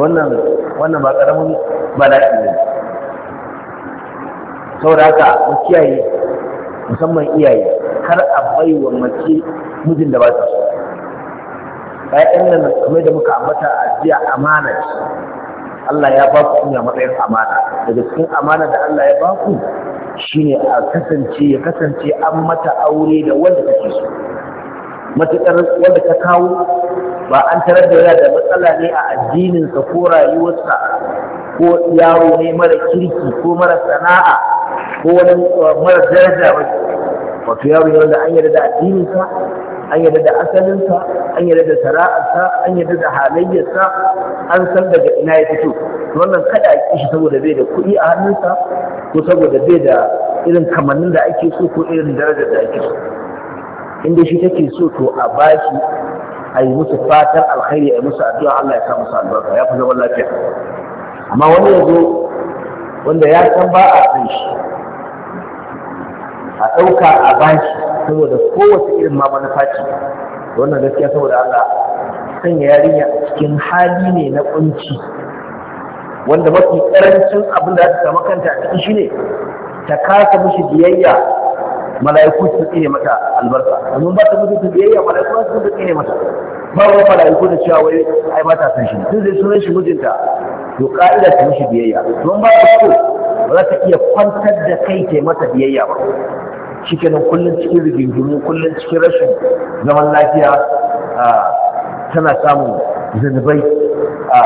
wannan ba ƙaramin bala'i ne Saurata mu kiyaye musamman iyaye kar a baiwa wa mace mijin da ba ta so ƴaƴan nan kamar da muka ambata a jiya amana Allah ya ba ku kunya matsayin amana daga cikin amana da Allah ya ba ku shine a kasance ya kasance an mata aure da wanda kake so matuƙar wanda ta kawo ba an tarar da yana da matsala ne a addininsa ko rayuwarsa ko yaro ne mara kirki ko mara sana'a ko wani uh, mara daraja ba wato yaro ne wanda an yarda da addininsa an yarda da asalinsa an yarda da sara'arsa an yarda da halayyarsa an san daga ina ya fito wannan kada a kishi saboda bai da kuɗi a hannunsa ko saboda bai da irin kamannin da ake so ko irin darajar da ake so inda shi take so to a bashi a yi musu fatan alkhairi a yi musu addu'a Allah ya sa musu albarka ya fi zaman lafiya amma wani ya zo wanda ya san ba a san shi a ɗauka a bashi saboda kowace irin ma manufa ce wannan gaskiya saboda Allah sanya yarinya a cikin hali ne na kunci wanda mafi karancin abin da za ta samu kanta a cikin shi ne, ta kasa mishi biyayya mala'iku su tsine mata albarka amma ba ta mutu biyayya mala'iku su tsine mata ba wani mala'iku da cewa wai ai ba ta san shi tun zai sunan shi mijinta to ka'ida ta mishi biyayya don ba ta so ba za ta iya kwantar da kai ta mata biyayya ba shi kenan kullum cikin rigingimu kullum cikin rashin zaman lafiya tana samun zunubai a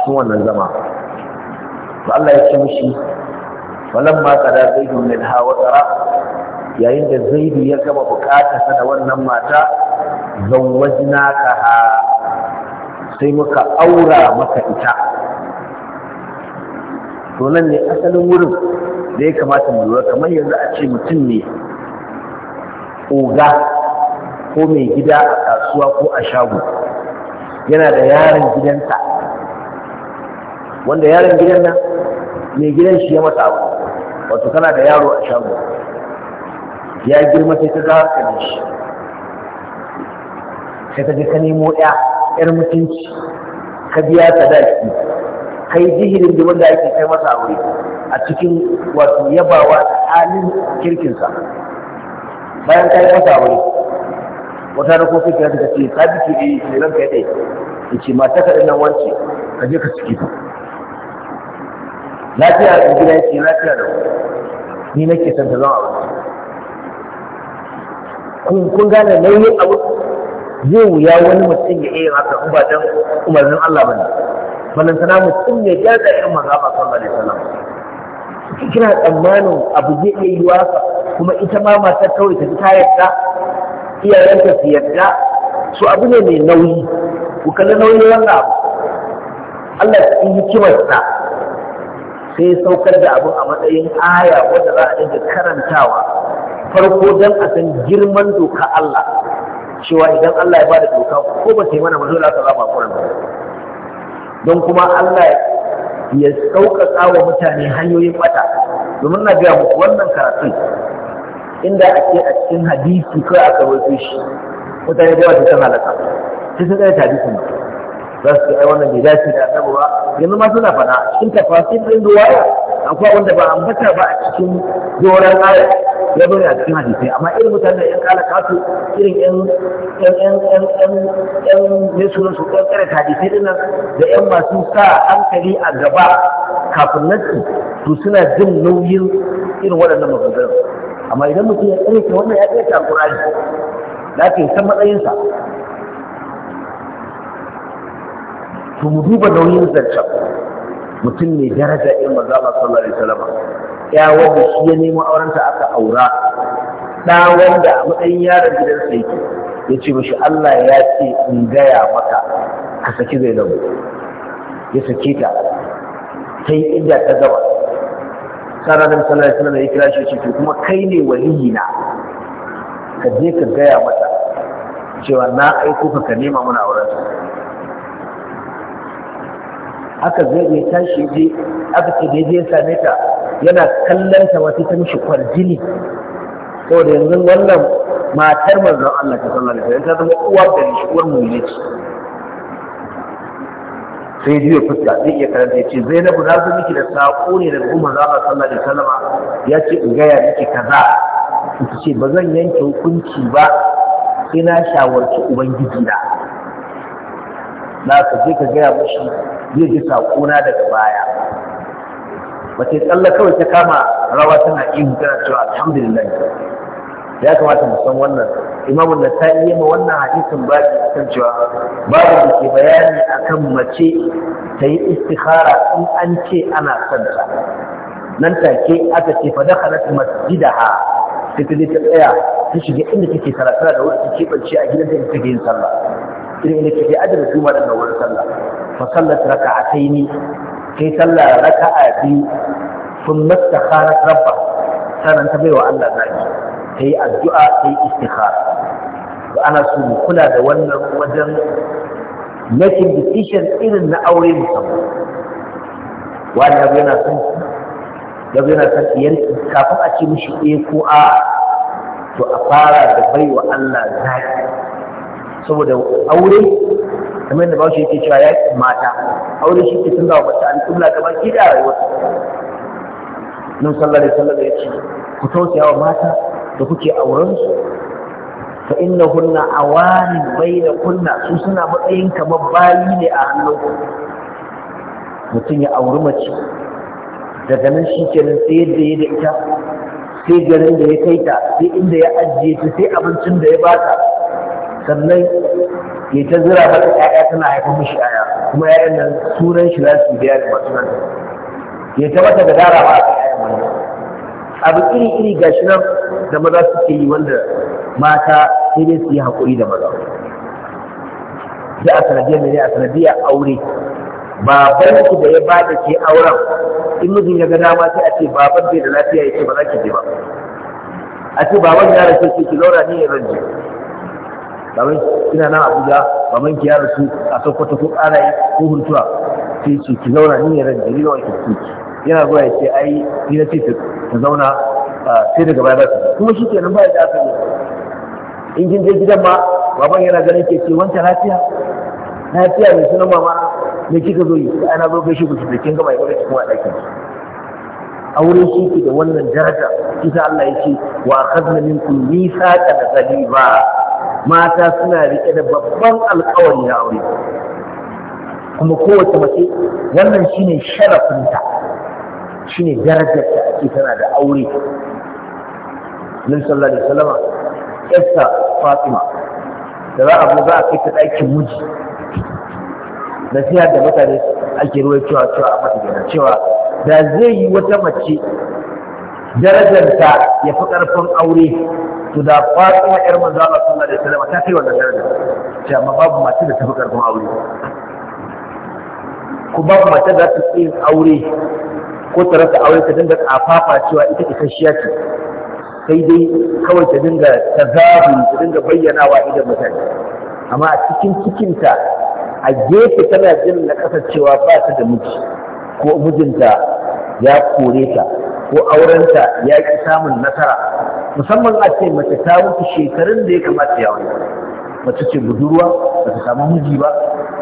cikin wannan zama to Allah ya ce mishi falamma qada zaidun min hawa tsara yayin da zaidu ya gama sa da wannan mata wajina ka sai muka aura maka ita to nan ne asalin wurin da ya kamata mu lura kamar yanzu a ce mutum ne oga ko mai gida a kasuwa ko a shago yana da yaron gidansa wanda yaron gidan nan mai gidan shi ya mata abu wato kana da yaro a shago ya girma sai ta ga kan shi sai ta je ka nemo ɗaya 'yar mutunci ka biya ta shi. kai jihirin da wanda ake kai masa aure a cikin wato yabawa halin kirkinsa bayan kai masa aure wata na kofin kira ta ce ka bi ke yi mai eh, ranka ya ɗai da ce mata kaɗan nan wance ka je ka ciki lafiya a gida ya ce lafiya da ni nake son ta zama abu kun gane nauyin abu zai wuya wani mutum ya iya haka in ba dan umarnin Allah ba ne sana mutum ne ya ga irin mazaba sallallahu alaihi wasallam kira tsammanin abu zai iya yi wasa kuma ita ma matar kawai ta ta yarda ta su yarda su abu ne mai nauyi ku kalli nauyi wannan abu Allah ta yi sa sai saukar da abu a matsayin aya wanda za a dinga karantawa farko don a san girman doka Allah cewa idan Allah ya bada doka ko ba ta yi mana mazo la ta zama kuran don kuma Allah ya sauƙaƙa wa mutane hanyoyin mata domin na gaya muku wannan karatun inda ake a cikin hadisi kai aka rufe shi mutane da yawa su san halaka sai sun tsaye hadisin ba za su ai wannan bai dace da annabi ba yanzu ma suna fana cikin tafasirin ruwaya akwai wanda ba ambata ba a cikin doron aya ya bari a cikin hadisai amma irin mutane yan kala kasu irin yan yan yan yan yan yan ne sunan su ɗan ƙarata hadisai dinnan da yan masu sa hankali a gaba kafin nassi to suna jin nauyin irin waɗannan maganganun amma idan mutum ya ƙarfe wannan ya ƙarfe alƙur'ani da lakin san matsayinsa to mu duba nauyin zancen mutum ne daraja irin manzo sallallahu alaihi wasallam ya wanda shi ya nemo aurenta aka aura ɗa wanda a matsayin yaron gidansa yake ya ce mashi Allah ya ce in gaya maka ka saki Zainabu ya sake ta ta yi inda ta gaba sana da sanar da ya kira shi ce kuma kai ne waliyina ka je ka gaya mata cewa na aiko ka ka nema mana aurensa Haka zai tashi je aka ce da same ta yana kallon ta wata ta mishi kwarjini saboda yanzu wannan matar manzon Allah ta sallallahu alaihi wasallam ta zama uwa da uwar mu'mini ce sai biyu fuska zai iya karanta ya ce zainabu na su miki da saƙo ne daga umar za sallallahu alaihi wasallam ya ce in gaya miki kaza ita ce ba zan yanke hukunci ba sai na shawarci ubangiji na na ka je ka gaya mashi zai ji saƙona daga baya mace tsalla kawai ta kama rawa tana ihu tana cewa alhamdulillah ya kamata mu san wannan imamu na ta iya ma wannan hadisin a kan cewa babu da ke bayani akan mace ta yi istikhara in an ce ana son ta nan take aka ce fa dakhalat masjidaha sai ta ta tsaya ta shiga inda take karatu da wurin take bance a gidanta da take yin sallah irin inda take ajira juma'a da wurin sallah fa sallat raka'ataini kai sallah raka'a biyu sun mastakhara rabba sannan ta baiwa Allah zaki ta yi addu'a ta yi istikhara to ana so mu kula da wannan wajen making decision irin na aure musamman wani abu yana son yabu yana son kafin a ce mishi eh ko a to a fara da baiwa Allah zaki saboda aure kamar yadda bashi yake cewa yakin mata aure shi ke canza wa mace alƙibla kamar gida da rayuwa nan sallallahu alaihi wasallam ya ce ku tausaya wa mata da kuke auren su fa innahunna awanin kunna, su suna matsayin kamar bayi ne a hannunku mutum ya auri mace daga nan shi nan sai yadda ya da ita sai garin da ya kai ta sai inda ya ajiye ta sai abincin da ya bata sannan ya ta zira mata ƴaƴa tana haifar mishi ƴaƴa kuma ƴaƴan nan sunan shi za su biya da masu nan ya ta mata da dara ba a ƴaƴan wani abu iri iri gashi nan da maza suke yi wanda mata sai dai su yi haƙuri da maza da a sanadiyar ne a sanadiyar aure baban ki da ya bada ke auren in mijin ya ga dama sai a ce baban bai da lafiya ya ce ba za ki je ba a ce baban ya rasu ki ki laura ne ya ranje baban ina nan abuja baban ki ya rasu a sokoto ko ƙara ko hutuwa. sai ce ki zauna ni ne ran jari wa ki yana zuwa ya ce ai ni na ce ta zauna sai daga baya ba kuma shi kenan ba ya da aka in kin je gidan ma baban yana ganin ke ce wancan lafiya lafiya mai sunan mama me kika zo yi Sai ana zo gaishe ku ki kin gama ya gaba a ɗakin aure shi ke da wannan daraja kisa Allah ya ce wa akhadna minkum mithaqan ghaliba mata suna rike da babban alkawari na aure kuma kowace mace wannan shine sharafinta shine darajar da ake tana da aure Nabi sallallahu alaihi wasallam yarsa Fatima da za a zo za a kai ta ɗakin miji nasiha da mutane ake ruwa cewa cewa a mata cewa da zai yi wata mace darajarta ya fi ƙarfin aure to da fatima yar manzo Allah sallallahu alaihi wasallam ta kai wannan daraja ce amma babu mace da ta fi ƙarfin aure Ko babu mace da ta fi aure ko ta rasa aure ta dinga tsafafa cewa ita shiya ce sai dai kawai ta dinga zabi ta dinga bayyanawa idan mutane amma a cikin cikinta a gefe tana jin na kasancewa cewa ba ta da miji ko mijinta ya kore ta ko aurenta ya ƙi samun nasara musamman a ce mace ta wuce shekarun da ya kamata ya wani mace ce budurwa ba ta samu miji ba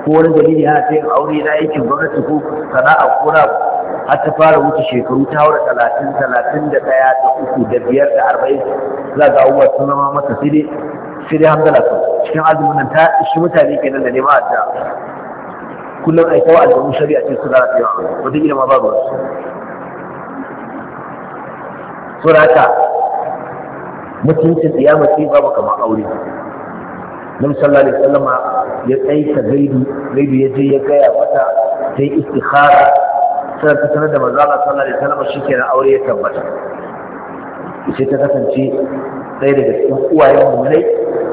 ko wani dalili yana ta yin aure na aikin gwamnati ko sana'a ko na har ta fara wuce shekaru ta haura talatin talatin da ɗaya da uku da biyar da arba'in za ga abubuwa sun zama mata sai dai sai dai hamdala cikin azumin nan ta ishi mutane kenan da neman addu'a kullum ai ta wa'azin shari'a ce su lalata yawa ma babu wasu suraka mutuncin tsiya masifa ba kamar aure nan sallallahu alaihi wasallama ya tsaita gaidu gaidu ya je ya gaya mata ta yi istikhara sai ta sanar da manzo Allah sallallahu alaihi wasallama shikenan aure ya tabbata sai ta kasance ɗaya daga cikin uwayen mulai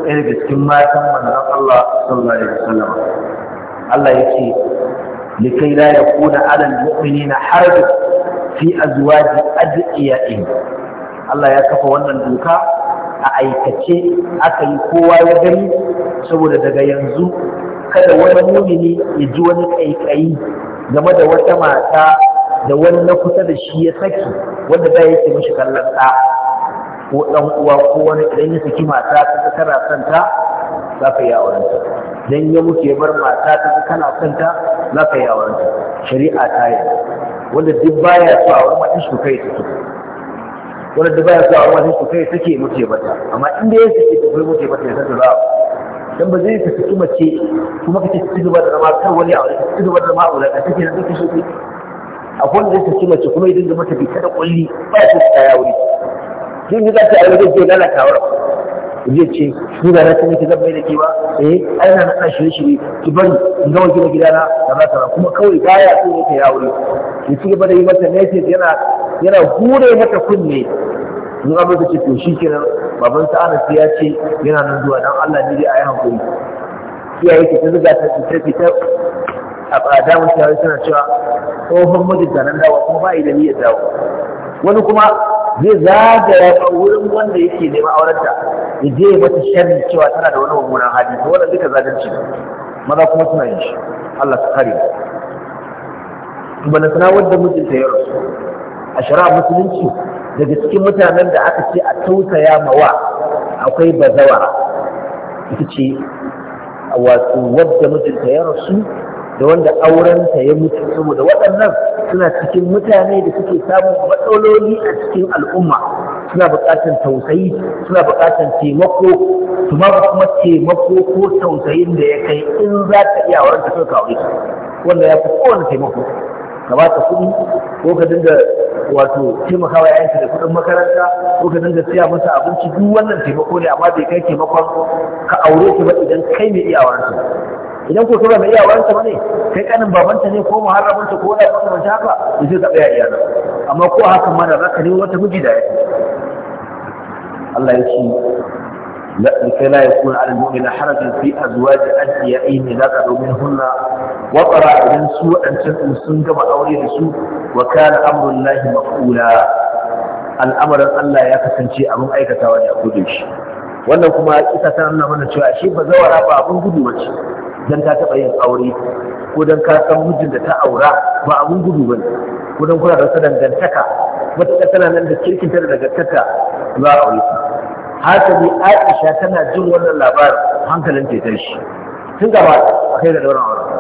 ɗaya daga cikin matan manzon Allah sallallahu alaihi wasallama Allah ya ce likai la yakuna ala almu'minina haraj fi azwaji adiyaihim Allah ya kafa wannan doka a aikace aka yi kowa ya gani saboda daga yanzu kada wani mumini ya ji wani kaikayi game da wata mata da wani na kusa da shi ya saki wanda da yake mishi kallon ɗa ko ɗan uwa ko wani idan ya saki mata ta tana son ta za ka yi auren ta ya muke bar mata ta kana son ta za ka yi auren ta shari'a ta yi wanda duk baya so a wurin matan shi kai ta wanda da baya sa, a sai su kai take mutu mata amma inda ya sake ta kai mutu mata ya san za dan ba zai ka saki mace kuma kace ci gaba da zama kar wani aure ka ci gaba da zama aure ka take nan kake shi a kun da saki mace kuma idan da mata bi kada kulli ba ta ta ya wuri kin ji za ta aure da ke lalata wa zai ce ni ba na sani ki zan bai da ke ba eh ai na na shirye shirye ki bari in ga wani gidana kaza kaza kuma kawai baya so ne ta ya wuri ki ci gaba da yi mata message yana yana hure mata kunne in abin ka ce to shi kenan baban sa ana ya ce yana nan zuwa dan Allah ne dai ayi shi iyaye ke ta zuga ta ta ta a tsada mun tare suna cewa tsohon mijinta nan dawo kuma ba da ya dawo wani kuma zai zagaya a wurin wanda yake neman aurenta ya je mata sharri cewa tana da wani mummunan hali to wannan duka zalunci maza kuma suna yin shi Allah ta kare ba na sanar wanda mijinta ya rasu a shari'a musulunci daga cikin mutanen da aka ce a tausaya mawa akwai bazawa ita ce wato wadda mijinta ya rasu da wanda aurenta ya mutu saboda waɗannan suna cikin mutane da suke samun matsaloli a cikin al'umma suna buƙatar tausayi suna buƙatar taimako su ma kuma taimako ko tausayin da ya kai in za ta iya auren ta kai wanda ya fi kowane taimako ka ba ta kuɗi ko ka dinga wato taimakawa yayanka da kuɗin makaranta ko ka dinga siya masa abinci duk wannan taimako ne amma bai kai taimakon ka aure ki ba idan kai mai iyawarsa idan ko kai mai iyawarsa ba ne kai kanin babanta ne ko muharrabanta ko wani abu ta haka to sai ka tsaya iyana amma ko haka ma za zaka nemi wata miji da yake Allah ya ce لكي لا يكون على المؤمن حرج في أزواج أدعيائهم ذكر منهن وقرأ إذن سوء أن تكون سنجم أولي رسول وكان أمر الله مفعولا الأمر أن لا يكسنشي أمم أي كتاوان يأخذش wannan kuma ita ta nuna mana cewa shi ba zawara ba abun gudu bace dan ta taba yin aure ko dan ka san mijin da ta aura ba abun gudu bane ko dan kuna da dangantaka wata tana nan da kirkin ta da dangantaka za a aure Haka hasali aisha tana jin wannan labar hankalin ta tashi tun gaba a kai da dauran aure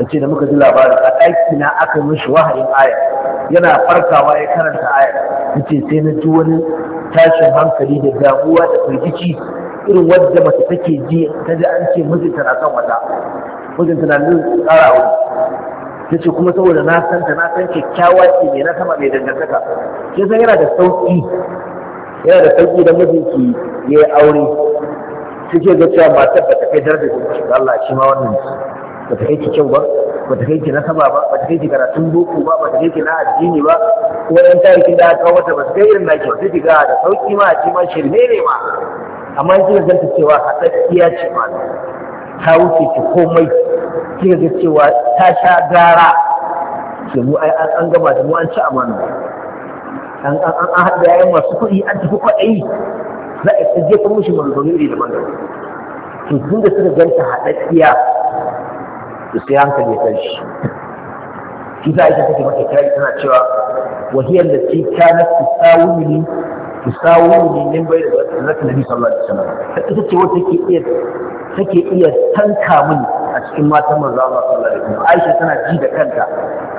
ya ce da muka ji labarin a ɗaki na aka mishi wahayin aya yana farkawa ya karanta aya ya ce sai na ji wani tashin hankali da damuwa da firgici irin wadda mace take ji ta ji an ce mijinta na son wata mijinta na nan tsara wani ta ce kuma saboda na san ta na san kyakkyawa ce mai na sama mai dangantaka ke san yana da sauƙi yana da sauƙi da mijinki ya yi aure kike ga cewa matar ba ta kai darajar da shi Allah shi ma wannan ba ta kai ki kyau ba ba ta kai ki nasaba ba ba ta kai ki karatun boko ba ba ta kai ki na addini ba kuma ɗan tarihin da aka wata ba su kai irin naki ba sai ga da sauƙi ma a ce ma shirme ne ma amma kika ta cewa tsakiya ce ma ta wuce ki komai kika ga cewa ta sha gara ke mu an gama da mu an ci amana an haɗa yayan masu kuɗi an tafi kwaɗayi za a tsaje kuma mishi manzoni iri daban daban to tun da suka ganta haɗaɗɗiya to sai hankali ya kai shi shi za a ita take mata kai tana cewa wahiyar da ce kanat tusawuni tusawuni min bai da zaka nabi sallallahu alaihi wasallam ita ce wata ke iya take iya tanka min a cikin matan manzo Allah sallallahu alaihi wasallam Aisha tana ji da kanta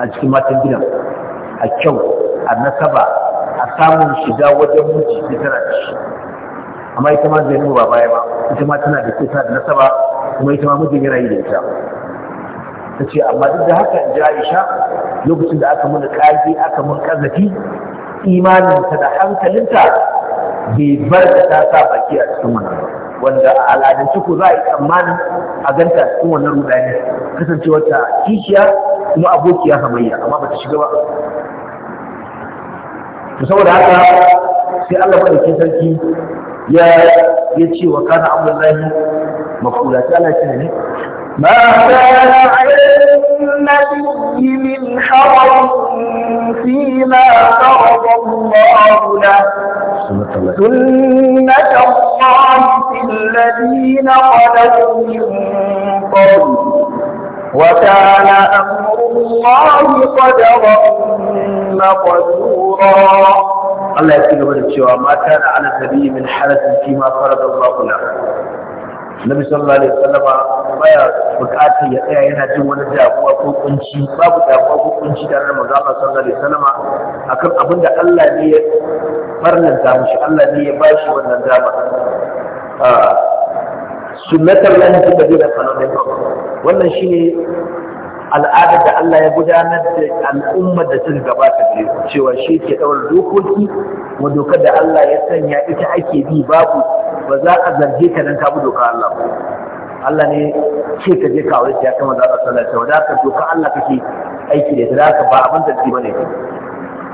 a cikin matan gidan a kyau a nasaba samun shiga wajen miji da tana da shi amma ita ma zai ba baya ba ita ma tana da kusa da nasaba kuma ita ma mijin yana yi da ita ta ce amma duk da haka in ji aisha lokacin da aka mana kaji, aka mun ƙazafi ta da hankalinta bai bar da ta sa baki a cikin wannan ba wanda a al'adance ko za a yi tsammanin a ganta cikin wannan rudani kasancewarta kishiya kuma abokiya hamayya amma ba ta shiga ba saboda haka sai Allah madaukin sarki ya ya ce wa kana abdullahi mafula ta Allah ce ne ما كان على min من fi ma فرض Allah وكان أمر الله قدرا مقدورا الله يسلم من الشوى ما كان على النبي من حدث فيما فرض الله له Nabi sallallahu alaihi wasallama baya bukatar ya tsaya yana jin wani damuwa ko kunci babu damuwa ko kunci tare da manzo Allah sallallahu alaihi wasallama akan abin Allah ne ya farlanta mishi Allah ne ya bashi wannan dama sunnatar lan da da wannan shi ne al'adar da Allah ya gudanar da al'ummar da sun gabata fi cewa shi ke ɗaura dokoki wa dokar da Allah ya sanya ita ake bi babu ba za a zarge ka dan kabu doka Allah ba Allah ne ke ka je ka aure ya kama za ka sallata wa ka doka Allah kake aiki da ita ka ba abin da ji bane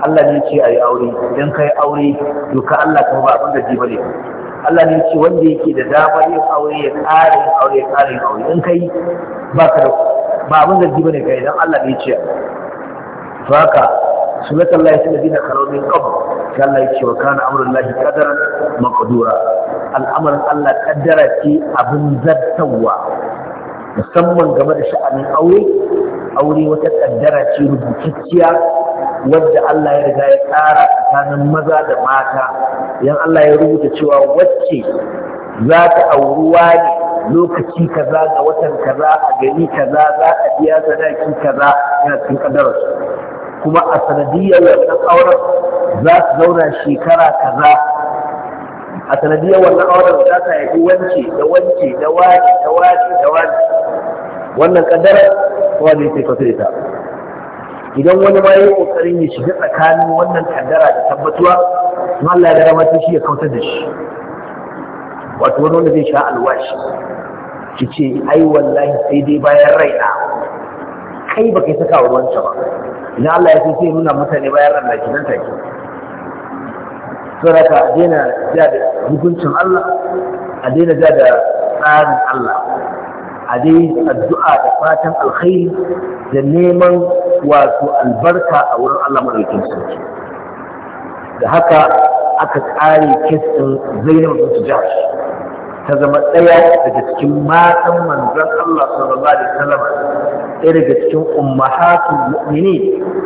Allah ne ce a yi aure idan ka yi aure doka Allah kuma ba abin da ji bane Allah ne ce wanda yake da damar yin aure ya ƙara yin aure ya yin aure in kai ba ka da ba abin zargi bane kai dan Allah ne ce to haka sunatan Allah sai ladina karau min qabl sai Allah yake wa kana amrullahi qadaran maqdura al'amarin Allah kaddara ce abin zartawa musamman game da sha'anin aure aure wata kaddara ce rubutacciya wadda Allah ya riga ya tsara tsakanin maza da mata idan Allah ya rubuta cewa wacce za ta auruwa ne lokaci kaza ga watan kaza a gari kaza za a biya sadaki kaza yana cikin kadararsu kuma a sanadiyar wannan auren za su zauna shekara kaza a sanadiyar wannan auren za ta haifi wance da wance da wani da wani da wani wannan kadara wani sai kwato ita idan wani ma yi kokarin ya shiga tsakanin wannan kaddara da tabbatuwa Allah ya ramata shi ya kautar da shi wato wani wanda zai sha alwashi ki ce ai wallahi sai dai bayan raina kai ba kai saka ruwansa ba idan Allah ya ce sai nuna mutane bayan raina ki nan take saboda a daina ja da hukuncin Allah a daina ja da tsarin Allah a dai addu'a da fatan alkhairi da neman wato albarka a wurin Allah madaukakin sarki da haka aka tsare kistin Zainab bint Jahsh ta zama ɗaya daga cikin matan manzon Allah sallallahu alaihi wasallam ɗaya daga cikin ummahatul mu'minin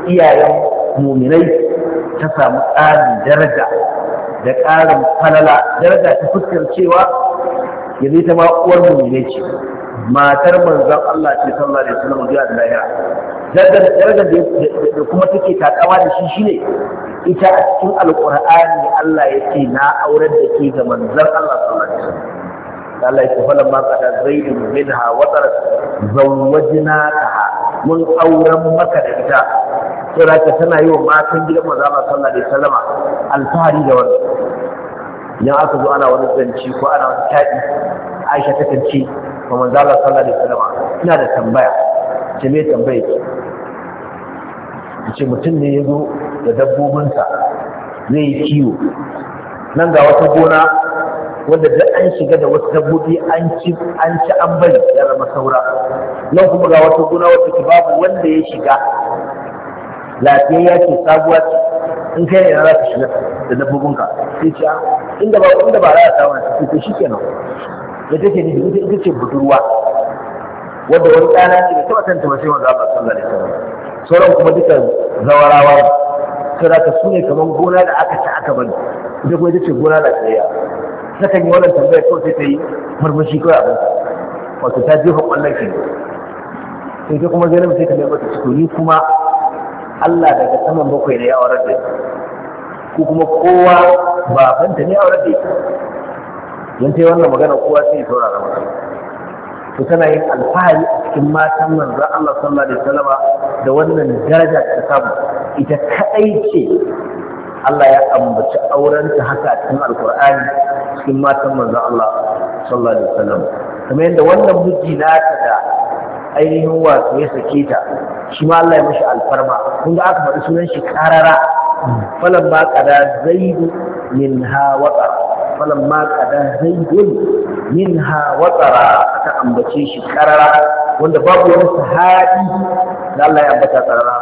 iyayen mu'minai ta samu tsarin daraja da ƙarin falala daraja ta fuskar cewa yanzu ita ma uwar mu'minai ce matar manzon Allah ce sallallahu alaihi wasallam da lahira darajar da kuma take takawa da shi shine ita a cikin alqur'ani Allah ya ce na aurar da ke ga manzon Allah sallallahu alaihi wasallam Allah ya ce falan ma qada zaidun minha wa tarat zawwajnaka mun auren maka da ita kira ka tana yi wa matan gidan manzon Allah sallallahu alaihi wasallam alfahari da wannan idan aka zo ana wani zanci ko ana wani taɗi Aisha ta ce wa manzon Allah sallallahu alaihi wasallam ina da tambaya ce me tambaye ki ce mutum ne ya zo da dabbobinsa zai yi kiwo nan ga wata gona wanda duk an shiga da wasu dabbobi an ci an ci an bari ya zama saura nan kuma ga wata gona wata babu wanda ya shiga lafiya ya ce sabuwa ce in kai ne za ka shiga da dabbobinka sai ce ah, inda ba inda ba za a samu sai to shikenan da take ne ita ce budurwa wanda wani ɗana ce da taɓa tantama sai wanda Allah sallallahu alaihi sauran kuma duka zawarawa da su ne kamar gona da aka ci aka bari ita kuma dace ce gona da tsaya sakan yi wannan tambaya kawai sai ta yi murmushi kawai abin wato ta jefa kwallon ke sai ta kuma zainab sai ta nema ta ciko ni kuma Allah daga saman bakwai ne ya aurar da ku kuma kowa babanta ne aurar da ita yan yi wannan magana kowa sai ya saurara masa to tana yin alfahari a cikin matan manzon Allah sallallahu alaihi wasallam da wannan daraja ta samu ita kadai ce Allah ya ambaci aurenta haka a cikin alkur'ani cikin matan manzon Allah sallallahu alaihi wasallam kamar yadda wannan miji ta da ainihin wato ya sake ta shi ma Allah ya mashi alfarma kun ga aka faɗi sunan shi karara falan ba kada zaidu min hawa falon ma kada zaidun minha watsara aka ambace shi karara wanda babu wani sahadi. da Allah ya ambata karara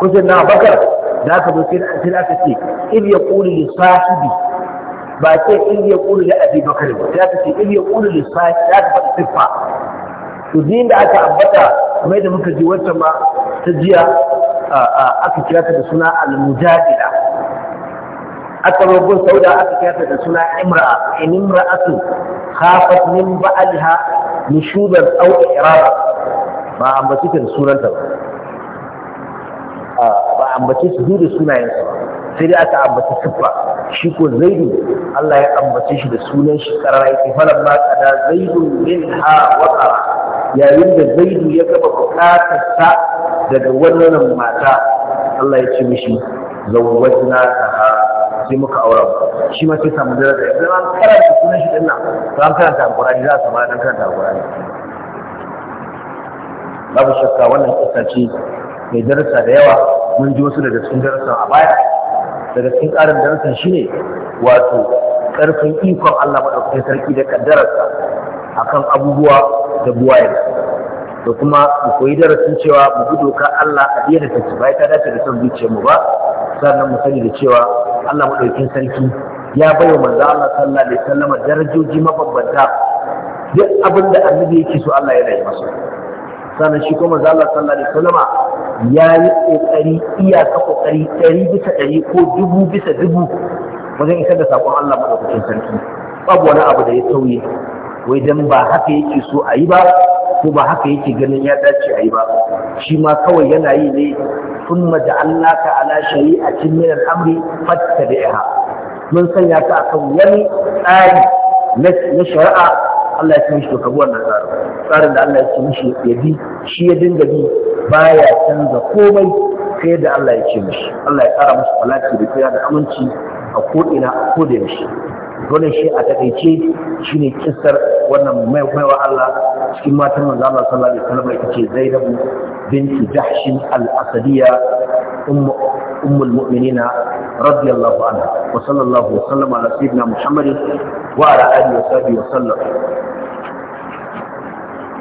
kusin na bakar Za ka zo sai aka ce in ya kuli li sahibi ba ce in ya kuli li abi bakar ba sai aka ce in ya kuli li sahibi ka faɗi siffa to din da aka ambata kamar yadda muka ji wata ma ta jiya aka kira ta da suna al-mujadila aka rogon sauda aka kyata da suna imra'a in imra'atu khafat min ba'liha nushudan aw iraba ba ambaci ta sunanta ba ba ambaci su da sunayen sai dai aka ambaci siffa shi ko zaidu Allah ya ambaci shi da sunan shi karara yake falan ma kada zaidu minha wa qara yayin da zaidu ya gaba bukatarsa daga wannan mata Allah ya ce mishi zawwajna ta sai muka aura shi ma sai samu daraja idan an karanta sunan shi din nan to an karanta alqur'ani za a samu an karanta alqur'ani babu shakka wannan kissa ce mai darasa da yawa mun ji wasu daga cikin darasan a baya daga cikin ƙarin darasan shine wato ƙarfin ikon Allah madaukakin sarki da kaddararsa akan abubuwa da buwayen. da kuma mu koyi darasin cewa mu bi dokar Allah a da take bai ta dace da son zuciyar mu ba sannan mu sani da cewa Allah madaukin sarki ya bai wa manzo Allah sallallahu alaihi wasallam darajoji mabambanta duk abin da annabi yake so Allah yana yi masa sannan shi kuma manzo Allah sallallahu alaihi wasallam ya yi kokari iyaka kokari ɗari bisa ɗari ko dubu bisa dubu wajen isar da sakon Allah madaukakin sarki babu wani abu da ya sauye wai dan ba haka yake so a yi ba ko ba haka yake ganin ya dace a yi ba shi ma kawai yana yi ne sun ka ala shari'atin min al'amri iha mun sanya a kan wani tsari na shari'a Allah ya ce shi to buwan nan tsarin da Allah ya ce mishi ya bi shi ya dinga bi baya canza komai sai da Allah ya ce mishi Allah ya tsara masu falaki da kira da aminci a ko'ina a da yaushe wannan shi a takaice shine kissar wannan mai Allah cikin matan manzo Allah sallallahu alaihi wasallam ita ce Zainab binti Jahsh al-Asadiyya ummu mu'minina radiyallahu anha wa sallallahu wa sallama ala sayyidina Muhammadin wa ala wa wa